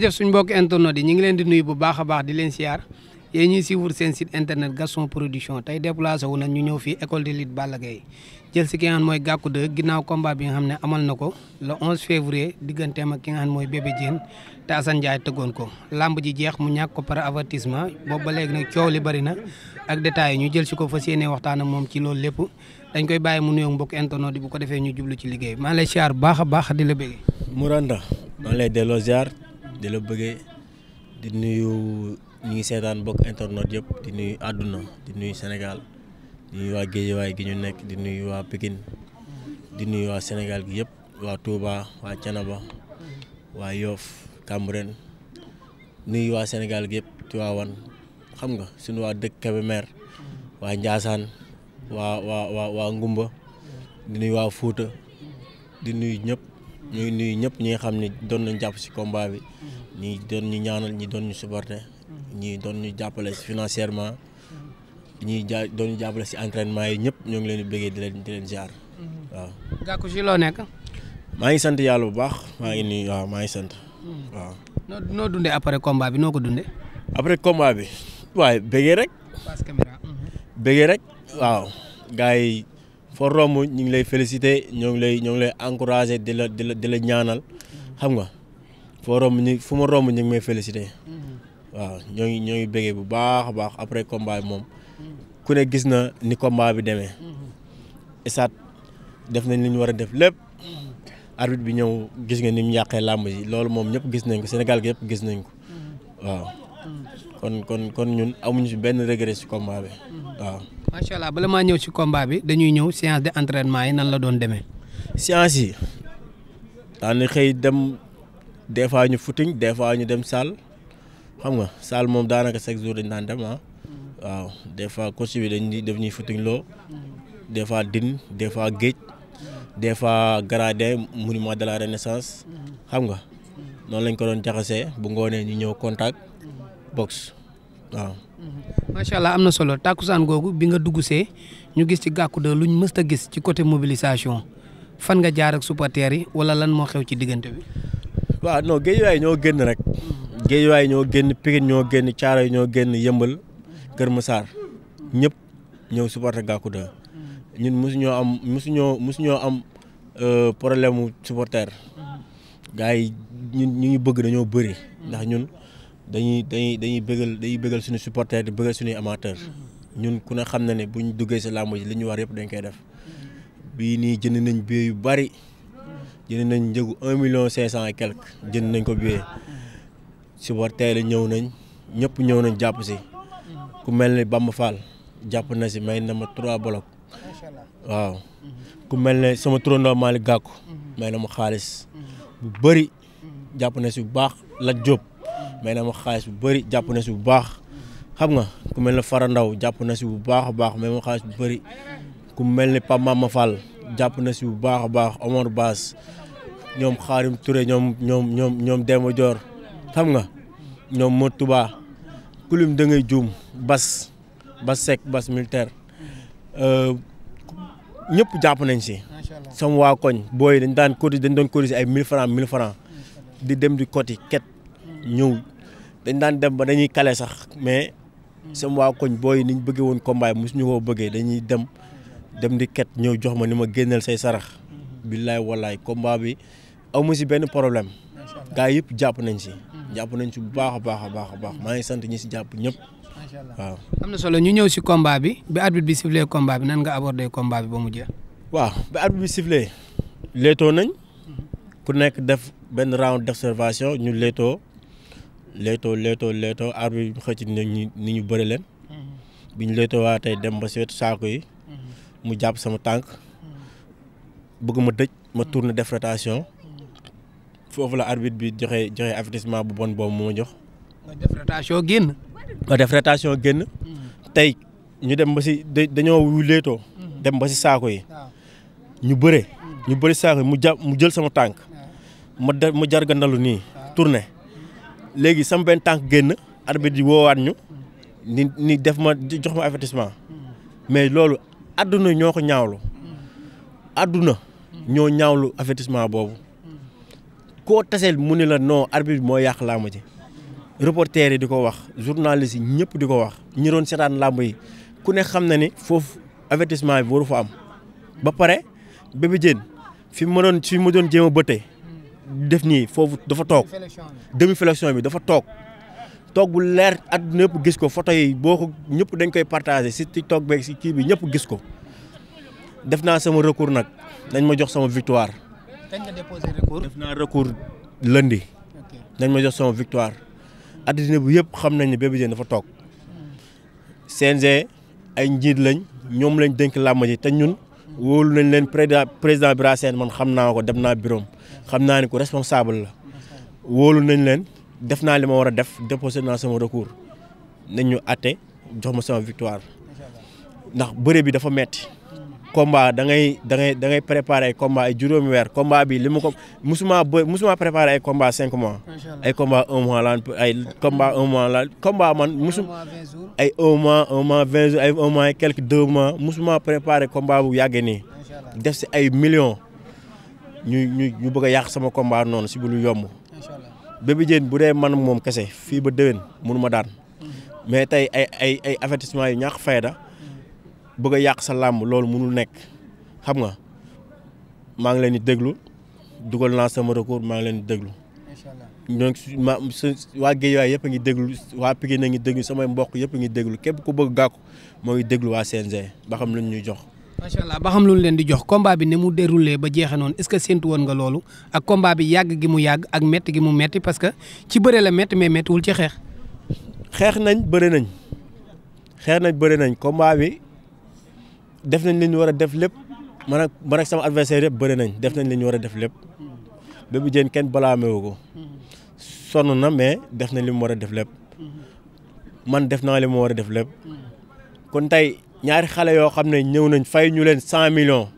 jërëjëf suñ mbokk internet yi ñu ngi leen di nuyu bu baax a baax di leen siyaar yéen ñuy suivre seen site internet Gaston Production tey déplacé fii école de lutte Balla Gaye jël mooy Gackou 2 ginnaaw combat bi nga xam ne amal na ko le 11 février digganteem ak ki nga xam mooy Bébé Diène te Assane Ndiaye ko lamb ji jeex mu ñàkk par avertissement boobu ba léegi nag coow li bëri na ak détails ñu jël si ko fas yéene waxtaan moom ci loolu lépp dañ koy bàyyi mu nuyoog mbokk internet yi bu ko defee ñu jublu ci liggéey maa lay siyaar baax a baax di la bëgg Mouranda maa lay di la bëggee di nuyu ñi ngi seetaan bokk internet yëpp di nuyu àdduna di nuyu Sénégal di nuyu waa Géejawaay gi ñu nekk di nuyu waa Pikine di nuyu waa Sénégal gi yëpp waa Touba waa Canaba waa Yoff Cambérène nuyu waa Sénégal gi yëpp Tivaouane xam nga suñu waa dëkk Kébémer waa Njaasaan waa waa waa waa Ngumba di nuyu waa Fuuta di nuyu ñëpp ñu ngi nuyu ñëpp ñi nga xam ne doon nañ jàpp si combat bi mm-hmm. ñi doon ñu ñaanal ñu doon ñu supporter mm-hmm. ñi doon ñu jàppale si financièrement ñuy ja doon ñu jàppale si entraînement yi ñëpp ñoo ngi leen di bëggee di leen di leen ziar mm-hmm. waaw. Gakou si loo nekk. maa ngi sant yàlla bu baax maa ngi nuyu waaw maa ngi sant waaw. noo dundee après komba bi noo ko dundee. après komba bi waaye bëggee rek. bëggee rek waaw gars foo romb ñu ngi lay félicité ñoo ngi lay ñoo ngi lay encourager di la di la di ñaanal xam nga foo romb ñu fu ma romb ñu ngi may félicité waaw ñoo ngi ñoo ngi bëggee bu baax a baax après combat bi moom ku ne gis na ni combat bi demee esaat def nañ li ñu war a def lépp arbitre bi ñëw gis nga ni mu yàqee làmb yi loolu moom ñëpp gis nañ ko Sénégal gi yëpp gis nañ ko waaw kon kon kon ñun amuñu si benn regret si combat bi mhm. waaw. macha allah bala maa ñëw si combat bi dañuy ñëw séance de entraînement yi nan la doon demee. séance yi daan xëy dem des fois ñu footing des fois ñu dem salle xam nga salle moom daanaka chaque jour dañ daan dem ah. Mhm. waaw des fois coach bi dañuy def ñuy footing loo mhm. des fois din des fois géej des fois gradin monument de la renaissance xam nga noonu lañ ko doon jaxasee bu ngoonee ñu ñëw contact. box waaw. Mm-hmm. allah am na solo tàkkusaan googu bi nga dugg see ñu gis ci Gàkku lu luñ mës a gis ci côté mobilisation fan nga jaar ak supporters yi wala lan moo xew ci diggante bi. waaw non géejuwaay ñoo génn rek. waaye ñoo génn Pikine ñoo génn Thiaroye ñoo génn Yëmbal Kër Massar ñëpp ñëw supporter Gàkku 2 ñun mosu ñoo am mosu ñoo mosu ñoo am euh, problème mu supporter mm-hmm. gars yi ñun ñu ngi bëgg dañoo bëri ndax ñun. dañuy dañuy dañuy bëggal dañuy bëggal suñu supporter di bëggal suñuy amateur mm-hmm. ñun ku ne xam na ne buñ duggee si làmb ji li ñu war yëpp dañ koy def mm-hmm. bii nii jënd nañ billet yu bari jënd nañ njëgu un million cinq cent et quelque jënd nañ ko billet mm-hmm. supporter la ñëw nañ ñëpp ñëw nañ jàpp si ku mel ni Bamba Fall jàpp na si may na ma trois blocs waaw ku mel ne sama turandoo Malick gàkku may na ma xaalis bu bëri jàpp na si bu baax la jóob may na ma xaalis bu bëri jàpp na si bu baax xam nga ku mel ne Fara Ndaw jàpp na si bu baax a baax may ma xaalis bu bari ku mel ni Pape Mama jàpp na si bu baax a baax Omar Baas ñoom Xaarim Touré ñoom ñoom ñoom ñoom Demba xam nga ñoom Modou Touba kulim da juum bas bas sec bas militaire euh, ñëpp jàpp nañ si sama waa koñ booy dañ daan cotiser dañ doon cotiser ay mille francs mille francs di dem di koti ket ñëw dañ daan dem ba dañuy kale sax mais sama waa koñ booy niñ bëggee woon combat bi mosuñu bëggee dañuy dem dem di ket ñëw jox ma ni ma génneel say sarax billaay wallaay combat bi amu si benn problème gars yëpp jàpp nañ si jàpp nañ si bu baax a baax a baax a baax maa ngi sant ñi si jàpp ñëpp waaw am na solo ñu ñëw si combat bi ba arbitre bi sifflé combat bi nan nga abordé combat bi ba mu jeex waaw bi arbitre bi sifflé leetoo nañ mhm. ku nekk def benn round d'observation ñu leetoo leetoo leetoo leetoo aar bi xëcc ni ñu ni bëri leen mm-hmm. bi ñu leetoo waa tey dem ba si wetu saako yi mm-hmm. mu jàpp sama tànk mm-hmm. bëgg ma dëj ma tourner def rotation foofu la arbitre bi joxe joxe avertissement bu bon boobu moo jox. nga génn. def rotation génn. tey ñu dem ba si dañoo wu leetoo dem ba si saako yi. ñu bëre. ñu bëri saako yi mu jàpp mu jël sama tànk. ma de ma jargandalu nii tourner. léegi sama benn tànk génn arbitre yi woowaat ñu ni ni def ma jox ma avertissement mais loolu àdduna ñoo ko ñaawlu àdduna ñoo ñaawlu avertissement boobu koo taseel mu ni la noo arbitre moo yàq làmb ji reporter yi di ko wax journaliste yi ñëpp di ko wax ñu doon seetaan làmb yi ku ne xam na ni foofu avertissement bi waru fa am ba pare Bébé Diène fi ma doon fi ma doon jéem a bëtte def nii foofu dafa toog demi flexion bi dafa toog toog bu leer àdduna yëpp gis ko photo yi boo ko ñëpp dañ koy partagé si toog beeg si kii bi ñëpp gis ko def naa sama recours nag dañ ma jox sama victoire. dañ nga déposé recours. def naa recours lundi. dañ ma jox sama victoire. àddina bi yëpp xam nañ ne Bébé Diène dafa toog. CNG ay njiit lañ ñoom lañ dénk làmb ji te ñun wóolu nañ leen président président Bira Sène man xam naa ko dem naa bureau xam naa ne ku responsable la wóolu nañ leen def naa li ma war a def déposé naa sama recours nañ ñu àtte jox ma sama victoire ndax bëre bi dafa metti komba da ngay da da préparé ay combat ay juróomi weer combat bi li ma ko musuma ba musuma préparé ay combat cinq mois ay combat un mois la ay combat la combat man musu ay au mois un mois vingt jours ay un mois quelques deux mois musuma préparé combat bu yàggee nii def si ay millions ñu ñu ñu bëgg a yàq sama combat noonu si bu lu yomb. Bébé Diène bu dee man moom kese fii ba déwén mënu ma daan. Mm-hmm. mais tey ay ay ay avertissement yu ñàkk fayda bëgg a yàq sa làmb loolu mënul nekk xam nga maa ngi leen di déglu dugal naa sama recours maa ngi leen di déglu. donc ma waa Guédiawaye yëpp a ngi déglu waa Pikine a ngi déglu samay mbokk yëpp a ngi déglu képp ku bëgg gàkku moo ngi déglu waa CNG ba xam lu ñuy jox. macha allah ba xam lu leen di jox combat bi ni mu déroulé ba jeexe noonu est ce que séntu woon nga loolu ak combat bi yàgg gi mu yàgg ak métti gi mu metti parce que ci bëre la métti mais méttiwul ci xeex. xeex nañ bëre nañ xeex nañ bëre nañ combat bi def nañ li ñu war a def lépp man ak man ak sama adversaire yëpp bëre nañ def nañ li war a def lépp Bébé Diène kenn balaamewu ko sonn na mais def nañ li mu war a def lépp man def naa li mu war a def lépp kon tey. ñaari xale yoo xam ne ñëw nañ fay ñu leen cent millions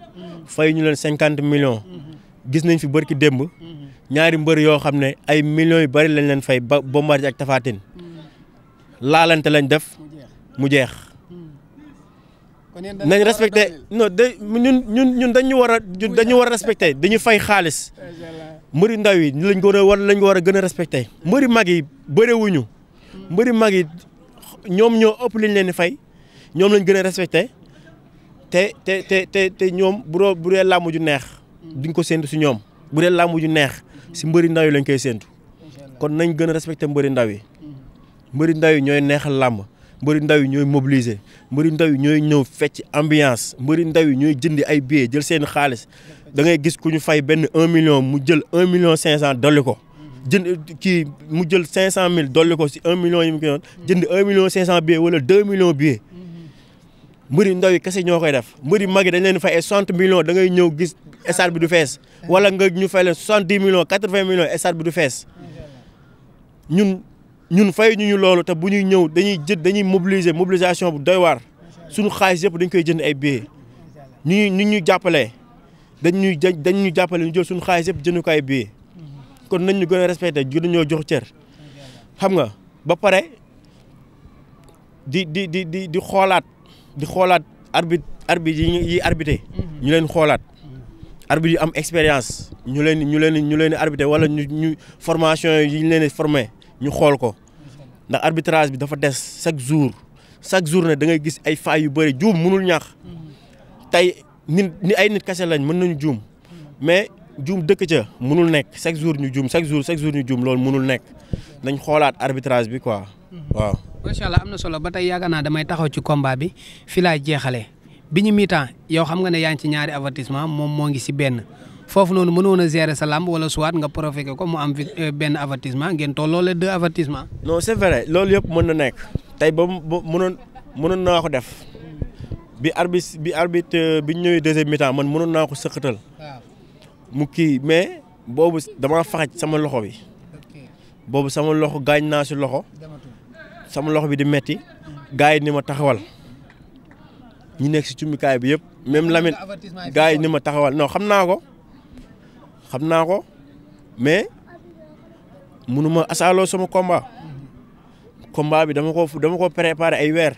fay ñu leen cinquante million gis nañ fi bërki démb ñaari mbër yoo xam ne ay millions yu bari lañ leen fay ba Bombardier ak Tapha Tine laalante lañ def mu jeex nañ respecté non de ñun ñun ñun war a dañu war a respecté dañu fay xaalis mbëri ndaw yi lañ ko war lañ ko war a gën a respecté mbëri mag yi bëriwuñu mbëri mag yi ñoom ñoo ëpp liñ leen di fay ñoom lañ gën a respecté te te te te te ñoom bu bu dee làmb ju neex duñ ko séntu si ñoom bu dee làmb ju neex si mbëri ndaw yi lañ koy séntu kon nañ gën a respecté mbëri ndaw yi mbëri ndaw yi ñooy neexal làmb mbëri ndaw yi ñooy mobiliser mbëri ndaw yi ñooy ñëw fecc ambiance mbëri ndaw yi ñooy jëndi ay billets jël seen xaalis da ngay gis ku ñu fay benn un million mu jël un million cinq cent dolli ko jënd kii mu jël cinq cent mill dolli ko si un million yi jënd un million cinq cent wala deux millions billets mbëri ndaw yi kese ñoo koy def mbëri mag yi dañ leen fay ay soixante millions da ngay ñëw gis stade bi du fees wala nga ñu fay leen soixante dix millions quatre vingt millions stade bi du fees ñun ñun fay ñu ñu loolu te bu ñuy ñëw dañuy jënd dañuy mobiliser mobilisation bu doy waar suñu xaalis yëpp dañ koy jënd ay billets ñu ñu ñu ñu jàppalee dañ ñuy dañ ñu jàppale ñu suñu xaalis yëpp jënd ko kon nañ ñu gën a respecté gën ñoo jox cër xam nga ba pare di di di di di xoolaat. di xoolaat arbitre arbitre yi yi arbitré mhm. ñu leen xoolaat arbitre yu am expérience ñu leen ñu leen ñu leen arbitré wala ñu ñu formation yi ñu leen formé ñu xool ko ndax arbitrage bi dafa des chaque jour chaque jour ne da ngay gis ay failles yu bëri juum mënul ñax mhm. tey nit ni ay nit kese lañ mën nañu juum mais juum dëkk ca mënul nekk chaque jour ñu jum chaque jour chaque jour ñu juum loolu mënul nekk nañ xoolaat arbitrage bi quoi Mhm. waaw. macha allah am na solo ba tey yaakaar naa damay taxaw ci komba bi fi laay jeexalee bi ñu miitaan yow xam nga ne yaa ngi ci ñaari avertissement moom moo ngi si benn foofu noonu mënoon a gérer sa làmb wala soit nga profité ko mu am euh, benn avertissement ngeen tolloo le deux avertissement. non c'est vrai loolu yëpp mën na nekk tey ba ba mënoon mënoon naa ko def bi bi arbitre euh, bi ñu ñëwee deuxième mi man mënoon naa ko sëqatal. mu kii mais boobu damaa faxaj sama loxo bi. boobu sama loxo gaañ naa si loxo. sama loxo bi di metti gars yi ni ma taxawal ñu nekk si cumbukaay bi yëpp même Lamine gars yi ni ma taxawal non xam naa ko xam naa ko mais munuma asaaloo sama combat combat bi dama ko dama ko préparé ay weer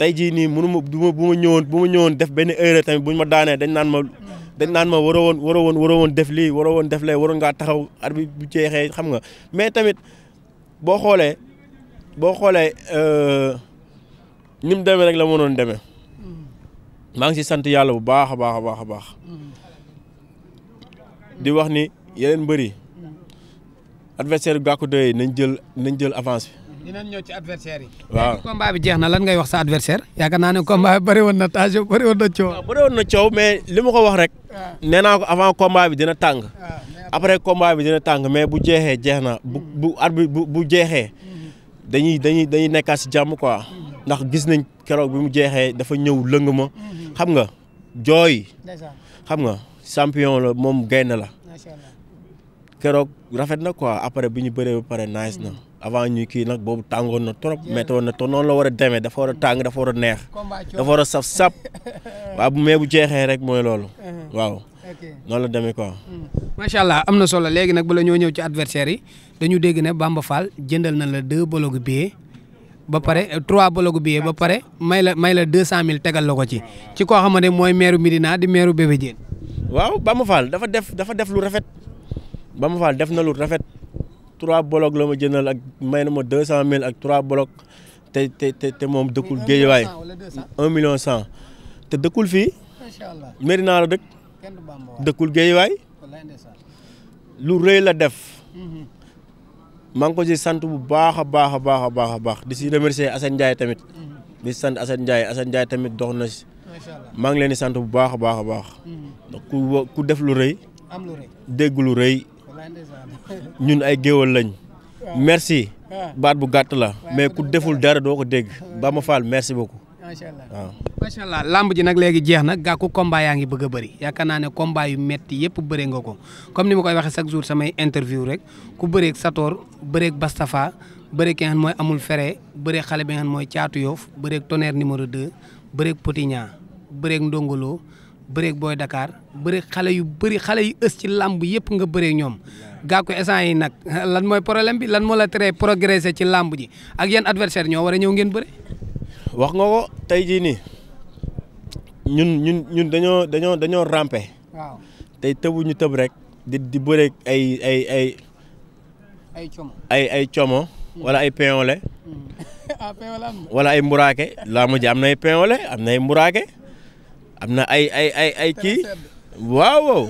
tey jii nii munuma bu ma bu ñëwoon bu ñëwoon def benn erreur tamit buñ ma daanee dañ naan ma dañ ma waroo woon waroo woon waroo woon def lii waroo woon def lee waroon ngaa taxaw arbitre bu jeexee xam nga mais tamit boo xoolee boo xoolee euh, ni mu demee rek la mënoon demee hmm. maa ngi si sant yàlla bu baax a baax a baax a baax hmm. di wax ni yeneen mbëri hmm. adversaire bi Gackou doy nañ jël nañ jël avance bi. dinañ ñëw ci adversaire yi. waaw combat bi jeex na lan ngay wax sa adversaire yaakaar naa ne combat bi bëri woon na tension bëri woon na coow. waaw na coow mais li ma ko wax rek. Ah. nee naa ko avant combat bi dina tàng. Ah, après combat bi dina tàng mais bu jeexee jeex na bu bu at bu bu jeexee. dañuy dañuy dañuy nekkaat jàmm quoi ndax gis nañ keroog bi mu jeexee dafa ñëw lëng ma xam nga jooy xam nga champion la moom gaynde la keroog rafet na quoi après bi ñu bëree ba pare nice na mm-hmm. avant ñu kii nag boobu tàngoon na trop méttoon na trop noonu la war a demee dafa war a tàng dafa war a neex dafa war a saf sap waaw bu mais bu jeexee rek mooy loolu uh-huh. waaw noonu la demee quoi mm. macha allah am na solo léegi nag bala ñoo ñëw ci adversaire yi dañu dégg ne Bamba Fall jëndal na la deux bologu billet ba pare trois bologu billet ba pare may la may la deux cent mille tegal la ko ci ci koo xamante ne mooy maire Médina di maire Bébé Diène waaw Bamba Fall dafa def dafa def lu rafet Bamba Fall def na lu rafet trois bolog la ma jëndal ak may na ma deux cent mille ak trois bolog te te te moom dëkkul Géejawaay un million cent te dëkkul fii Médina la dëkk dëkkul Géejawaay lu rëy la def mhm. maa ngi ko si sant bu baax a baax a baax a baax a baax di si remercier Assane Ndiaye tamit di sant Assane Ndiaye Assane Ndiaye tamit dox na si maa ngi leen di sant bu baax a baax a baax mm-hmm. ku ku def lu rëy dégg lu rëy ñun ay géwal lañ merci ah. baat bu gàtt la mais ku deful dara doo ko dégg ba ma faal merci beaucoup macha allah waaw. macha allah lamb ji nag léegi jeex na gàkku combat yaa ngi bëgg a bëri yaakaar naa ne combat yu metti yëpp bëre nga ko comme ni ma koy waxee chaque jour samay interview rek ku bëreeg Sator bëreeg Bastafa bëreeg ki nga xam mooy amul fere bëreeg xale bi nga xam mooy caatu yoof bëreeg tonnerre numéro 2 bëreeg Potignan bëreeg Ndongolo bëreeg booy dakaar bëreeg xale yu bëri xale yu ës ci lamb yëpp nga bëree ñoom. gàkku instant yi nag lan mooy problème bi lan moo la teree progresser ci lamb ji ak yan adversaire ñoo war wax nga ko tey jii nii ñun ñun ñun dañoo dañoo dañoo ramper. waaw tey tëbu ñu tëb rek di di bëreeg ay ay como wala ay como hmm. ah, wala ay wala ay mburaake laa mujj am na ay peñole am na ay mburaake am na ay ay ay ay kii. waaw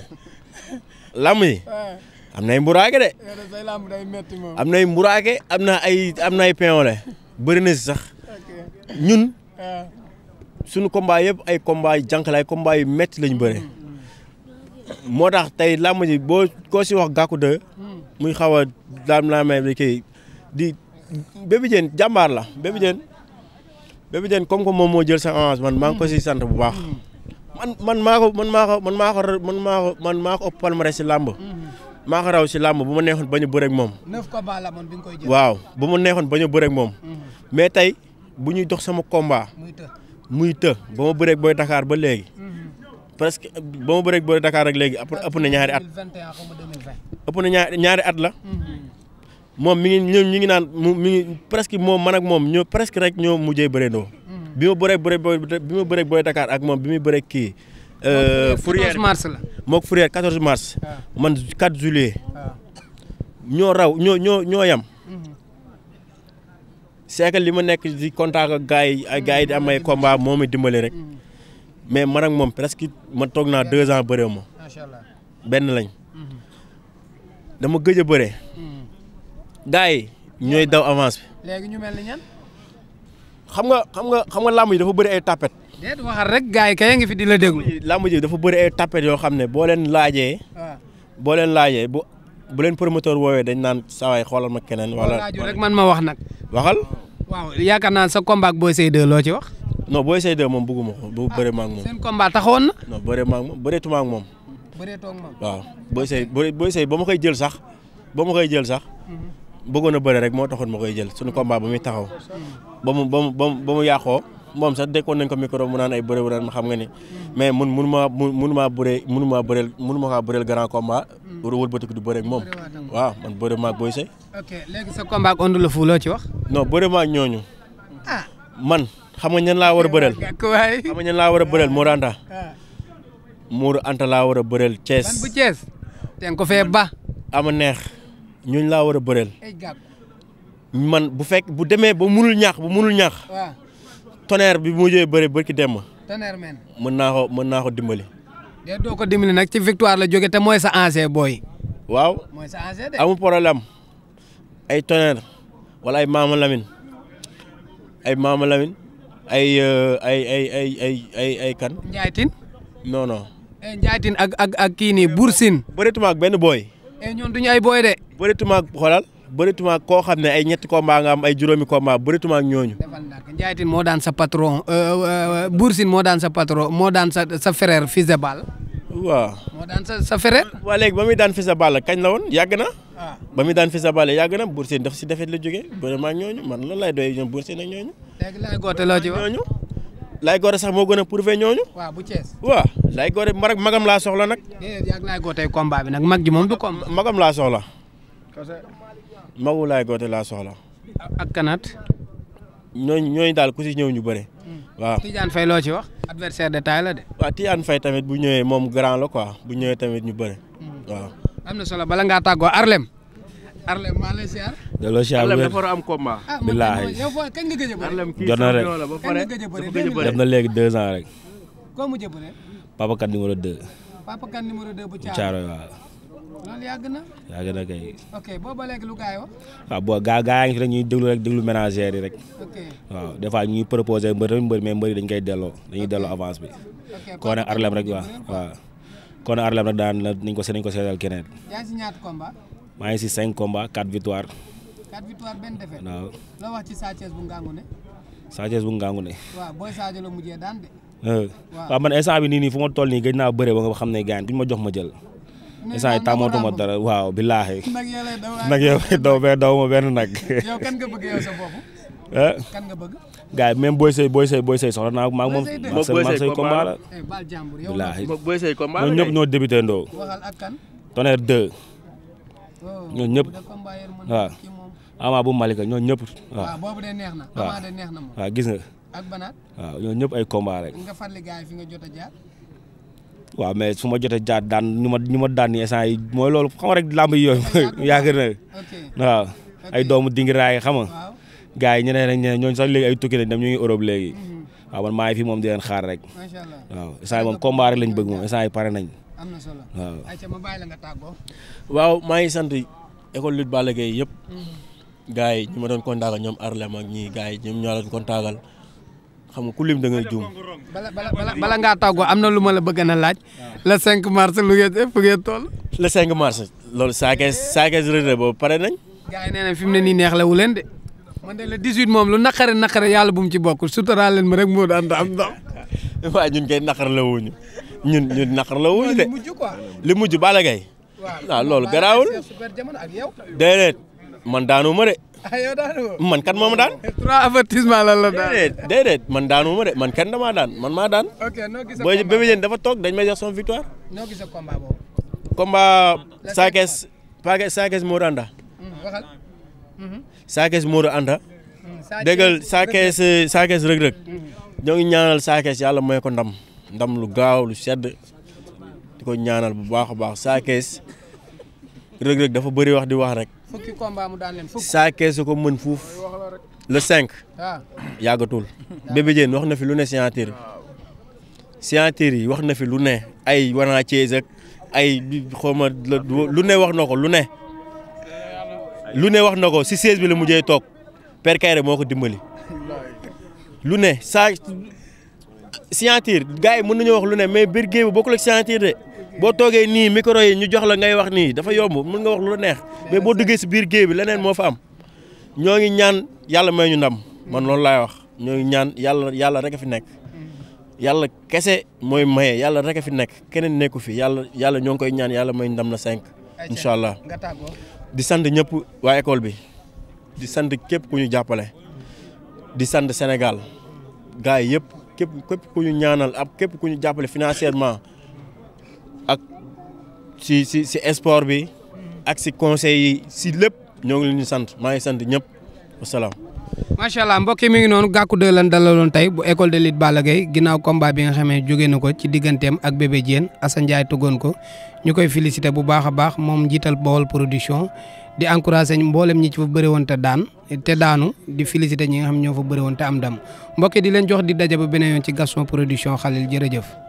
lam yi am nay mburaake am nay mburaake am na ay am na ay na si sax. ñun ah. suñu combat yëpp ay combat yu jànk la ay combat yu métti lañu bëre moo tax tey làmb ji boo koo si wax gàkku de hmm. muy xaw a daam laamee bi kii di Bébé Diène jàmbaar la Bébé Diène Bébé Diène moom moo jël sa avance man maa ko sant bu baax hmm. man man maa man maa ko man maa ko man maa man maa ëpp palmarès si làmb hmm. maa ko raw si làmb bu ma neexoon bañ a bëre moom. neuf combats la amoon waaw bu ma neexoon bañ bëre moom. mais tey. bu ñuy dox sama komba muy të ba ma bëreeg booy dakaar ba léegi. Mm-hmm. presque ba ma bëreeg booy Dakar ak léegi ëpp na ñaari at. ëpp na ñaari at la. Mm-hmm. moom mi ngi ñoom ñu ngi naan mu mi ngi presque moom man ak moom ñoo presque rek ñoo mujjee bëreendoo. Mm-hmm. bi ma bëree bëree booy booy Dakar ak moom bi muy bëree kii. Euh, Fourière 14 mars la. mook Fourière 14 mars. Ah. man 4 juillet. Ah. ñoo raw ñoo ñoo ñoo yam. c'est que li ma nekk di contact ak gars yi ay gars yi di am ay moo ma dimbali rek mm. mais man ak moom presque ma toog naa deux ans bëree ma benn lañ mm-hmm. dama gëj a bëree mm. gars yi ñooy daw avance bi. léegi ñu mel ni ñan. xam nga xam nga xam nga làmb ji dafa bëri ay tapet. déet waxal rek gars yi kay ngi fi di la déglu. làmb ji dafa bëri ay tapet yoo xam ne boo leen laajee. Ah. boo leen laajee bu bu leen promoteur woowee dañ naan sawaay xoolal ma keneen. wala rek man ma wax nag. waxal. waaw yaakaar naa sa combat ak Boy Seye loo ci wax. non booy Seye moom bëgguma ko bu ah, bëree ma ak moom. seen combat na. non bëree ma ak moom ak moom. bëreetoo ak moom waaw Boy Seye Boy Seye ba ma koy jël sax ba ma koy jël sax. Mhm. bëggoon a rek moo taxoon ma koy jël suñu combat ba muy taxaw. Mhm. ba mu ba mu ba mu yàqoo. moom sax dekkoon nañ ko micro mu naan ay bëre wu naan xam nga ni mais mun mun maa mun maa bëree mun maa bëreel mun ma kaa bëreel grand combat. wala hmm. wëlbatiku du bëre ak moom. waaw man bëre maag Boy Seye. ok ci wax. non bëre maag ah. man xam nga ñan laa war a bëreel. xam nga laa war a bëreel Mourou Anta. Ah. Mourou Anta laa war a bëreel Thiès. ban bu ko fee ba. neex ñooñu laa war a bëreel. man bu fekk bu demee ba munul ñaax bu munul ñaax. tonnerre bi mu mujjee bëri bërki dem ma. tonnerre men mën naa mën naa ko dimbali. de doo ko dimbali nag ci victoire la jóge te mooy sa ancien booy. waaw mooy sa ancien de. amul problème ay tonnerre wala ay maama Lamine ay maama Lamine euh, ay kan. Ndiaye Tine. non non. Eh, Ndiaye ak ak ak kii nii Bour Sine. bëreetuma ak benn booy. Eh, ay booy de. bëreetuma ak xoolal. bërituma koo xam ne ay ñetti combat nga am ay juróomi combat bërituma ak ñooñu. Ndiaye Tine moo daan sa patron euh, euh, Bour Sine moo daan sa patron moo daan sa sa frère Fils de Balla. waaw moo daan sa sa frère. waaw léegi ba muy daan Fils de Balla kañ la woon yàgg na. Ah. ba muy daan Fils de Balla yàgg na Bour Sine daf si defet la jógee bërima ak ñooñu man loolu lay doy ñoom Bour Sine ak ñooñu. léegi laay goote loo ci wax sax moo gën a fe ñooñu. waaw bu Thiès. waaw Laay magam laa soxla nag. déedéet yàgg nag mag ji moom du combat. magam laa soxla. magu laay goote la soxla. ak kanaat. ñooñu daal ku si ñëw ñu bëre. Hmm. waaw Tidiane Faye loo ci wax. adversaire de taille la de. waaw Tidiane Faye tamit bu ñëwee moom grand la quoi bu ñëwee tamit ñu bëre. Hmm. waaw. na solo bala ngaa tàggoo Arlem. Arlem maa a ah, nga gëj a Arlem jot na rek def léegi deux ans rek. Papa Kane numéro 2. Papa Kane numéro waaw. loolu yàgg na. yàgg na kay. booba léegi lu gaay wax. waaw boo gaa yaa ngi fi rek ñuy déglu rek déglu ménagère yi rek. ok waaw des fois ñuy proposé mbër tamit mbër mais mbër dañ koy delloo dañuy delloo avance bi. ok kon nag Arlem rek waaw waaw. kon nag nañ ko se nañ ko seetal keneen. yaa ngi si ñaata combat. maa victoire. 4 victoire benn défaite. loo wax ci Sa Thiès bu Ngangu ne. Sa Thiès bu Ngangu ne. waaw booy Sadio la mujjee daan euh. man instant bi nii nii fu ma toll nii gëj naa bëre ba nga xam ne gaañ instant yi tàmmatuma dara waaw billaahi nag yow daw bee daw ma benn nag. yow kan nga bëgg yow sa bopp. Eh? kan nga bëgg. gars yi même Boy Seye Boy Seye Boy Seye soxla naa ko moom. Boy ñoo oh, ñëpp ah, waaw. gis nga. ak banaat. waaw ñoo ñëpp ay combat rek. waaw mais su ma jotee jaar daan ñu ma ñu ma daan ni instant yi mooy loolu xam rek làmb yi yooyu yaakaar na waaw ay doomu dingiraay xam nga gars yi ñeneen ak ñeneen ñooñu sax léegi ay tukki lañ dem ñu Europe léegi mhm. waaw maa ngi moom di leen rek waaw instant yi moom combat rek lañ bëgg moom instant yi pare waaw. maa ngi sant école lutte Balla mhm. yi ñu ma doon contactal ñoom Arlem ak yi ñoom ñoo xam nga ku lim da ngay juum. bala bala bala am na lu ma la bëgg na laaj. le 5 mars lu ngeen def fu ngeen toll. le 5 mars loolu saa kees saa kees rëdd boobu pare na fi ne nii neex la wu leen de. man de le 18 moom lu naqare naqare yàlla bu ci bokk suturaal leen moo daan am ndam. waaw ñun kay naqar la wuñu ñun ñun naqar la wuñu de. li mujj Balla Gaye. waaw loolu garaawul. déedéet man daanu ma de. man kan moo ma daan. trois avertissement lan la daan déedéet man daanu ma de man kenn damaa daan man maa daan. ok noo gisee combat dafa toog dañ may jox son victoire. noo gisee combat boobu. combat Sakess Pake Sakess Modou Anta. Hmm, waxal. Hmm. Sakess Modou hmm, ngi ñaanal Sakess yàlla may ko ndam ndam lu gaaw lu sedd. di ko ñaanal bu baax a baax Sakess Reug Reug dafa bëri wax di wax rek. fukki combat mu daan leen fukk. saa keesu ko mën fuuf le cinq waaw ah. yàggatul. Bébé Diène wax na fi lu ne signature signature yi wax na fi lu ne ay wanaa Thiès ay xaw ma ne wax na ko lu ne. lu ne wax na ko si siège bi la mujjee toog per Kayre moo ko dimbali. lu ne saa signature gars yi wax lu mais biir géew bokkul ak signature de. boo toogee nii micro yi ñu jox la ngay wax nii dafa yomb mën nga wax lu la neex mais boo duggee si biir géej bi leneen moo fa am ñoo ngi ñaan yàlla may ñu ndam man loolu laay wax ñoo ngi ñaan yàlla yàlla rek fi nekk yàlla kese mooy maye yàlla rek a fi nekk keneen nekku fi yàlla yàlla ñoo ngi koy ñaan yàlla may ndam la cinq incha allah di sant ñëpp waa école bi di sant képp ku ñu jàppale di sant Sénégal gars yi yëpp képp képp ku ñu ñaanal ak képp ku ñu jàppale financièrement si si si sport bi ak si conseil si lépp ñoo ngi leen di sant maa ngi sant ñëpp wasalaam. macha allah mbokk yi mi ngi noonu Gackou 2 lan dalaloon tey bu école de lutte Balla Gaye ginnaaw bi nga xamee jóge na ko ci digganteem ak bébé Diène Assane Ndiaye tëggoon ko ñu koy félicité bu baax a baax moom njiital Bawol production di encouragé mboolem ñi ci fa bëre woon te daan te daanu di félicité ñi nga xam ñoo fa bëri woon te am dam mbokki di leen jox di daje ba beneen yoon ci Gaston production xalil jërëjëf.